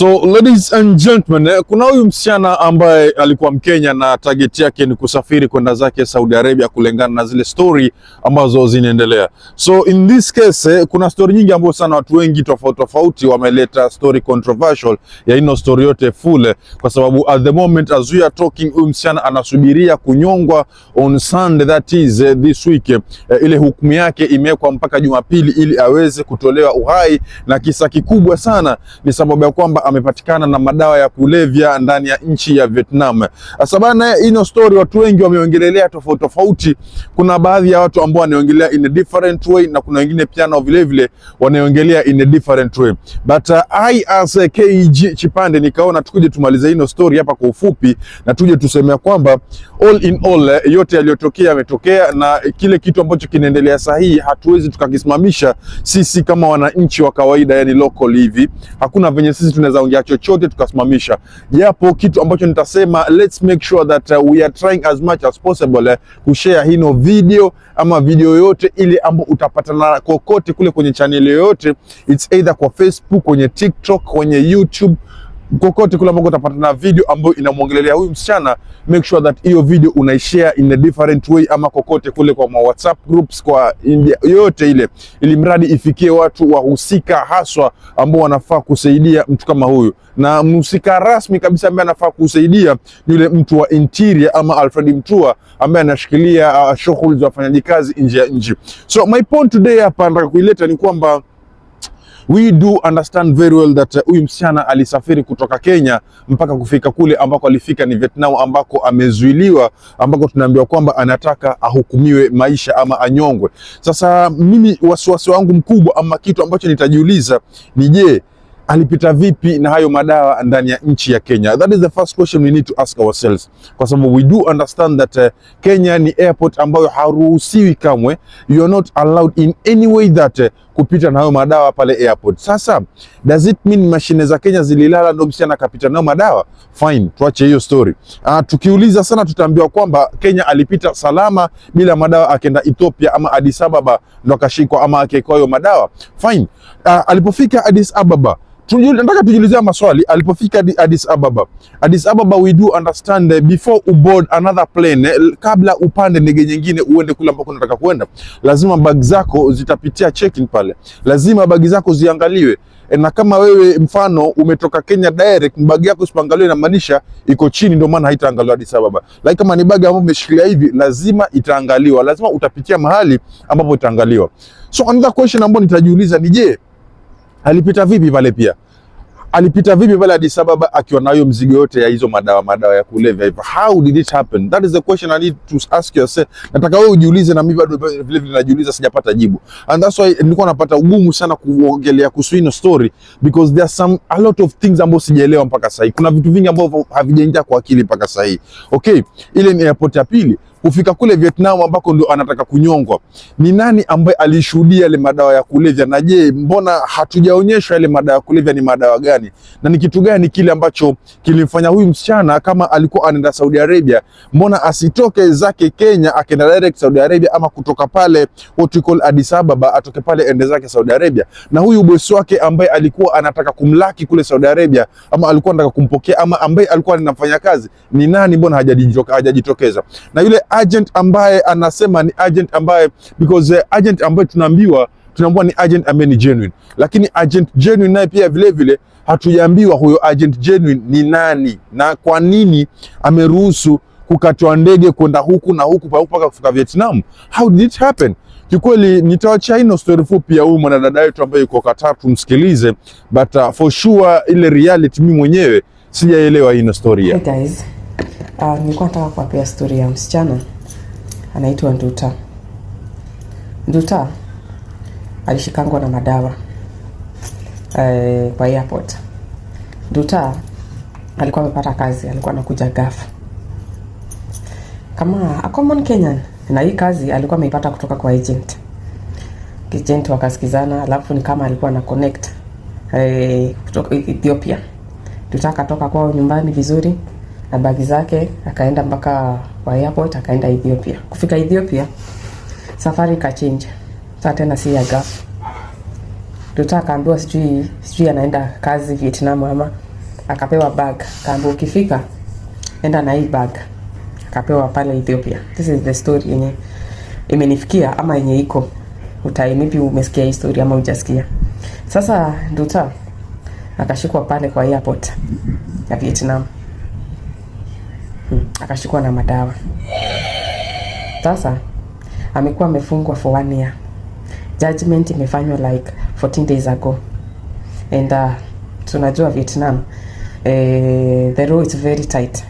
So ladies and gentlemen, eh, kuna huyu msichana ambaye alikuwa Mkenya na target yake ni kusafiri kwenda zake Saudi Arabia kulingana na zile story ambazo zinaendelea. So in this case, eh, kuna story nyingi ambazo sana watu wengi tofauti tofauti wameleta story controversial ya ino story yote fule, eh, kwa sababu at the moment as we are talking, huyu msichana anasubiria kunyongwa on Sunday, that is this week ile hukumu yake imewekwa mpaka Jumapili ili aweze kutolewa uhai, na kisa kikubwa sana ni sababu ya kwamba amepatikana na madawa ya kulevya ndani ya nchi ya Vietnam. Sasa bana, ino story watu wengi wameongelelea tofauti tofauti. Kuna baadhi ya watu ambao wanaongelea in a different way na kuna wengine pia nao vile vile wanaongelea in a different way. But uh, I as a KG Chipande nikaona tukuje tumalize ino story hapa kwa ufupi na tuje tusemea kwamba all in all eh, yote yaliyotokea yametokea na kile kitu ambacho kinaendelea sahihi hatuwezi tukakisimamisha sisi kama wananchi wa kawaida, yani local hivi. Hakuna venye sisi tunaweza ongea chochote tukasimamisha, japo kitu ambacho nitasema, let's make sure that uh, we are trying as much as possible uh, eh, kushare hino video ama video yote ile ambayo utapatana kokote kule kwenye channel yoyote, it's either kwa Facebook, kwenye TikTok, kwenye YouTube kokote kule ambako utapata na video ambayo inamwongelelea huyu msichana, make sure that hiyo video unaishare in a different way, ama kokote kule kwa WhatsApp groups, kwa India yote ile, ili mradi ifikie watu wahusika haswa ambao wanafaa kusaidia mtu kama huyu, na mhusika rasmi kabisa ambaye anafaa kusaidia ni yule mtu wa interior ama Alfred Mtua ambaye anashikilia uh, shughuli za wafanyaji kazi nje ya nchi. So my point today hapa nataka kuileta ni kwamba we do understand very well that uh, huyu msichana alisafiri kutoka Kenya mpaka kufika kule ambako alifika ni Vietnam, ambako amezuiliwa, ambako tunaambiwa kwamba anataka ahukumiwe maisha ama anyongwe. Sasa mimi wasiwasi wangu mkubwa ama kitu ambacho nitajiuliza ni je, alipita vipi na hayo madawa ndani ya nchi ya Kenya? That is the first question we need to ask ourselves, kwa sababu we do understand that uh, Kenya ni airport ambayo haruhusiwi kamwe, you are not allowed in any way that uh, kupita na hayo madawa pale airport. Sasa does it mean mashine za Kenya zililala ndio msichana akapita nayo madawa? Fine, tuache hiyo story. Ah, tukiuliza sana tutaambiwa kwamba Kenya alipita salama bila madawa akenda Ethiopia ama Addis Ababa ndo akashikwa ama akekwa hiyo madawa. Fine. Ah, alipofika Addis Ababa Nataka tujiulizie maswali alipofika di Addis Ababa. Addis Ababa we do understand before u board another plane, eh, kabla upande ndege nyingine uende kule ambako unataka kuenda, lazima bag zako zitapitia check-in pale, lazima bag zako ziangaliwe E, na kama wewe mfano umetoka Kenya direct, bagi yako isipoangaliwe, inamaanisha iko chini, ndio maana haitaangaliwa Addis Ababa. Lakini kama ni bag ambayo umeshikilia hivi, lazima itaangaliwa, lazima utapitia mahali ambapo itaangaliwa. So another question ambayo nitajiuliza ni je, alipita vipi pale pia alipita vipi pale Addis Ababa akiwa nayo mzigo yote ya hizo madawa madawa ya kulevya hivyo? How did it happen? That is the question I need to ask yourself. Nataka wewe ujiulize, na mimi bado vile vile najiuliza, sijapata jibu, and that's why nilikuwa napata ugumu sana kuongelea kuhusu hino story because there are some a lot of things ambazo sijaelewa mpaka sasa hivi. Kuna vitu vingi ambavyo havijaingia kwa akili mpaka sasa hivi. Okay, ile ni airport ya pili kufika kule Vietnam ambako ndio anataka kunyongwa. Ni nani ambaye alishuhudia yale madawa ya kulevya, na je, mbona hatujaonyeshwa yale madawa ya kulevya ni madawa gani, na ni kitu gani kile ambacho kilimfanya huyu msichana, kama alikuwa anaenda Saudi Arabia, mbona asitoke zake Kenya akaenda direct Saudi Arabia, ama kutoka pale what we call Addis Ababa atoke pale ende zake Saudi Arabia, na huyu bosi wake ambaye alikuwa anataka kumlaki kule Saudi Arabia, ama alikuwa anataka kumpokea, ama ambaye alikuwa anafanya kazi ni nani? Mbona hajajitokeza na yule agent ambaye anasema ni agent ambaye because uh, agent ambaye tunaambiwa tunaambiwa ni agent ambaye ni genuine, lakini agent genuine naye pia vile vile hatujaambiwa huyo agent genuine ni nani na kwa nini ameruhusu kukatwa ndege kwenda huku na huku mpaka kufika Vietnam. How did it happen? Kikweli nitawachia hino story fupi ya huyu mwanadada wetu ambaye yuko Qatar, tumsikilize, but uh, for sure ile reality mimi mwenyewe sijaelewa hino story ya hey guys. Uh, nilikuwa nataka kuwapea stori ya msichana anaitwa Nduta. Nduta alishikangwa na madawa eh, kwa airport. Nduta alikuwa amepata kazi, alikuwa anakuja gafu kama a ah, common Kenyan, na hii kazi alikuwa ameipata kutoka kwa agent. Agent wakasikizana, alafu ni kama alikuwa na connect eh, kutoka Ethiopia. Nduta akatoka kwao nyumbani vizuri na bagi zake akaenda mpaka kwa airport, akaenda Ethiopia. Kufika Ethiopia safari ikachinja, Sasa tena si ya gaf tuta, akaambiwa sijui sijui anaenda kazi Vietnam ama, akapewa bag, akaambiwa ukifika enda na hii bag, akapewa pale Ethiopia. This is the story yenye imenifikia ama yenye iko utaimipi, umesikia hii story ama hujasikia? Sasa Nduta akashikwa pale kwa airport ya Vietnam akashikwa na madawa. Sasa amekuwa amefungwa for one year. Judgment imefanywa like 14 days ago and uh, tunajua Vietnam eh, the law is very tight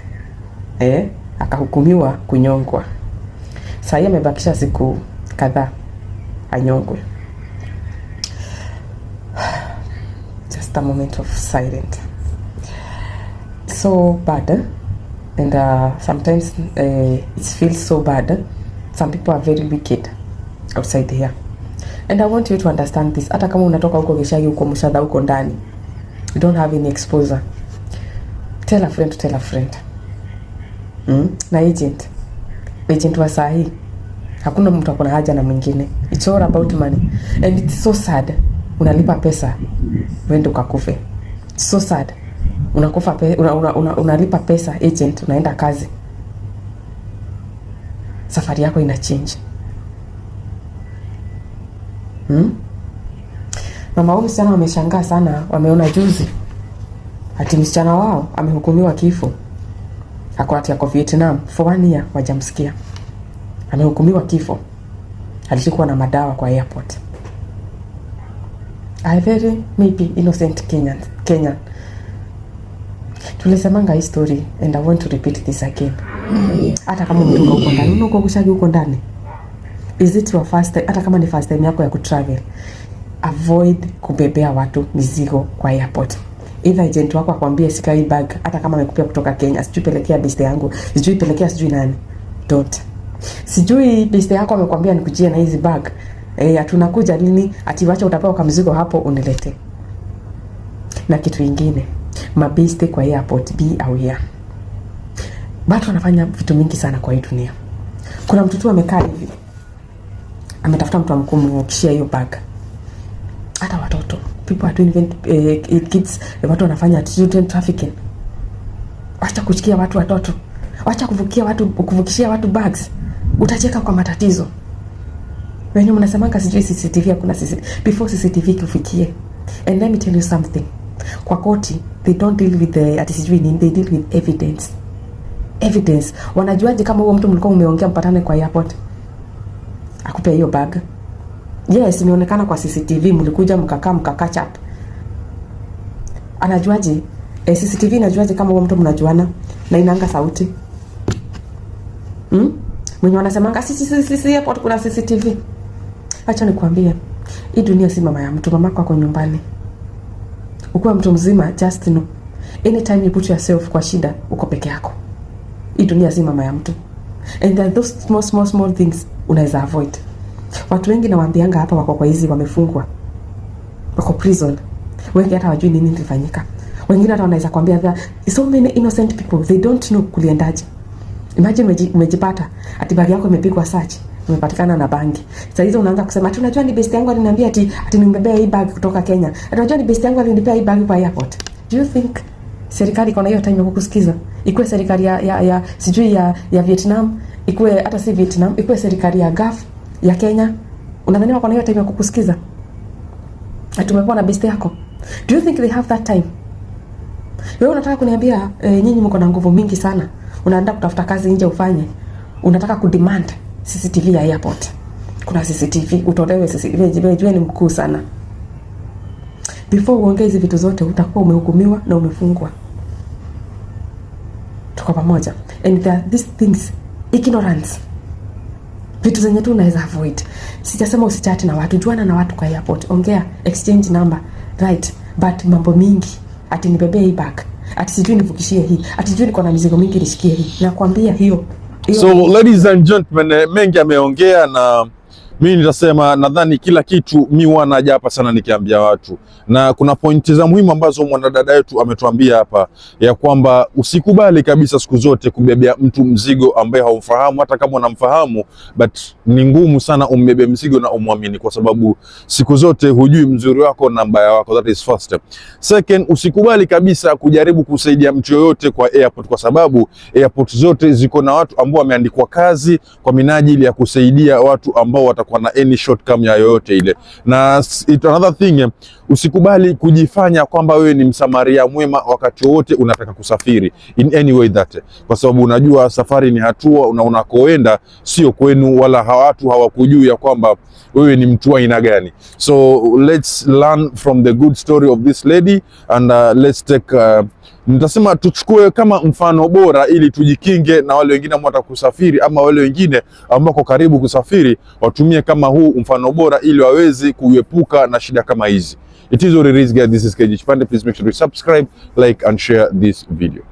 eh, akahukumiwa kunyongwa. sahii amebakisha siku kadhaa anyongwe. Just a moment of silence. So bad eh? and uh, sometimes uh, it feels so bad. Some people are very wicked outside here and I want you to understand this. Hata kama unatoka huko Gichangi, huko huko ndani, you don't have any exposure, tell a friend to tell a friend mm? na agent agent wa sahi hakuna mtu akona haja na mwingine, it's all about money and it's so sad. Unalipa pesa wende ukakufe, it's so sad unakufa pe, una, una, una, unalipa pesa agent, unaenda kazi, safari yako ina change hmm? Mama huyu msichana wameshangaa sana, wameona juzi ati msichana wao amehukumiwa kifo, akwati ako Vietnam for one year, wajamsikia amehukumiwa kifo, alishikwa na madawa kwa airport. I very maybe innocent Kenyan, Kenyan tulisemanga hii story and I want to repeat this again. Hata kama mtunga uko ndani, unakuwa kushagi uko ndani. Is it your first time? Hata kama ni first time yako ya kutravel, avoid kubebea watu mizigo kwa airport. Either agent wako akwambie sika bag, hata kama amekupia kutoka Kenya, sijui pelekea biste yangu, sijui pelekea sijui nani. Don't. Sijui biste yako amekwambia nikujie na hizi bag. Eh, tunakuja lini? Ati wacha utapewa kamzigo hapo unilete. Na kitu kingine mabeste kwa airport B au ya watu wanafanya vitu mingi sana kwa hii dunia. Kuna mtu tu amekaa hivi ametafuta mtu amkumu amkumvukishia hiyo bag. Hata watoto people are doing event, eh, eh, kids eh, watu wanafanya children trafficking. acha kuchukia watu watoto, acha kuvukia watu, kuvukishia watu bags, utacheka kwa matatizo wenye mnasemanga sijui CCTV. Hakuna CCTV before CCTV kufikie, and let me tell you something kwa koti they don't deal with the ati sijui nini, they deal with evidence. Evidence. Wanajuaje kama huo mtu mlikuwa umeongea mpatane kwa airport? akupea hiyo bag. Yes, imeonekana kwa CCTV mlikuja mkakaa mkakacha hapo. Anajuaje? Eh, CCTV inajuaje kama huo mtu mnajuana na inaanga sauti? Mm? Mwenye wanasemanga sisi sisi sisi airport kuna CCTV. Acha nikwambie. Hii dunia si mama ya mtu, mamako ako nyumbani ukiwa mtu mzima just know anytime you put yourself kwa shida uko peke yako. Hii dunia si mama ya mtu, and there are those small small small things unaweza avoid. Watu wengi nawaambianga hapa wako kwa hizi, wamefungwa, wako prison, wengi hata wajui nini lifanyika. Wengine hata wanaweza kuambia that so many innocent people they don't know kuliendaje. Imagine umejipata ati yako imepigwa search umepatikana na bangi. Sasa hizo unaanza kusema ati unajua ni best yangu aliniambia ati ati nimbebee hii bag kutoka Kenya. Ati unajua ni best yangu alinipea hii bag kwa airport. Do you think serikali iko hiyo time ya kukusikiza? Ikuwe serikali ya, ya, ya sijui ya, ya Vietnam, ikuwe hata si Vietnam, ikuwe serikali ya Gulf ya Kenya. Unadhani wako na hiyo time ya kukusikiza? Ati umekuwa na best yako. Do you think they have that time? Wewe unataka kuniambia eh, nyinyi mko na nguvu mingi sana. Unaenda kutafuta kazi nje ufanye. Unataka kudemand CCTV ya airport. Kuna CCTV, utolewe CCTV, jua ni mkuu sana. Before uongee hizi vitu zote utakuwa umehukumiwa na umefungwa. Tuko pamoja. And there are these things ignorance. Vitu zenye tu unaweza avoid. Sijasema usichati na watu, juana na watu kwa airport. Ongea exchange number, right? But mambo mingi ati nibebee hii bag, ati sijui nivukishie hii, ati sijui niko na mizigo mingi nishikie hii. Nakwambia hiyo So ladies and gentlemen, eh, mengi ameongea na mi nitasema nadhani kila kitu mi wanaja hapa sana nikiambia watu, na kuna pointi za muhimu ambazo mwanadada wetu ametuambia hapa, ya kwamba usikubali kabisa siku zote kubebea mtu mzigo ambaye haumfahamu. Hata kama unamfahamu, but ni ngumu sana umbebe mzigo na umwamini, kwa sababu siku zote hujui mzuri wako na mbaya wako. That is first. Second, usikubali kabisa kujaribu kusaidia mtu yoyote kwa airport, kwa sababu airport zote ziko na watu ambao wameandikwa kazi kwa minajili ya kusaidia watu ambao watakuwa kutakwa na any shortcome ya yoyote ile. Na it another thing, eh, usikubali kujifanya kwamba wewe ni msamaria mwema wakati wote unataka kusafiri in any way that, eh. kwa sababu unajua safari ni hatua na unakoenda sio kwenu, wala hawatu hawakujui ya kwamba wewe ni mtu aina gani. So let's learn from the good story of this lady and uh, let's take uh, nitasema tuchukue kama mfano bora ili tujikinge na wale wengine ambao watakusafiri ama wale wengine ambao karibu kusafiri, watumie kama huu mfano bora ili waweze kuepuka na shida kama hizi. It is already guys, this is KG Chipande. Please make sure to subscribe, like and share this video.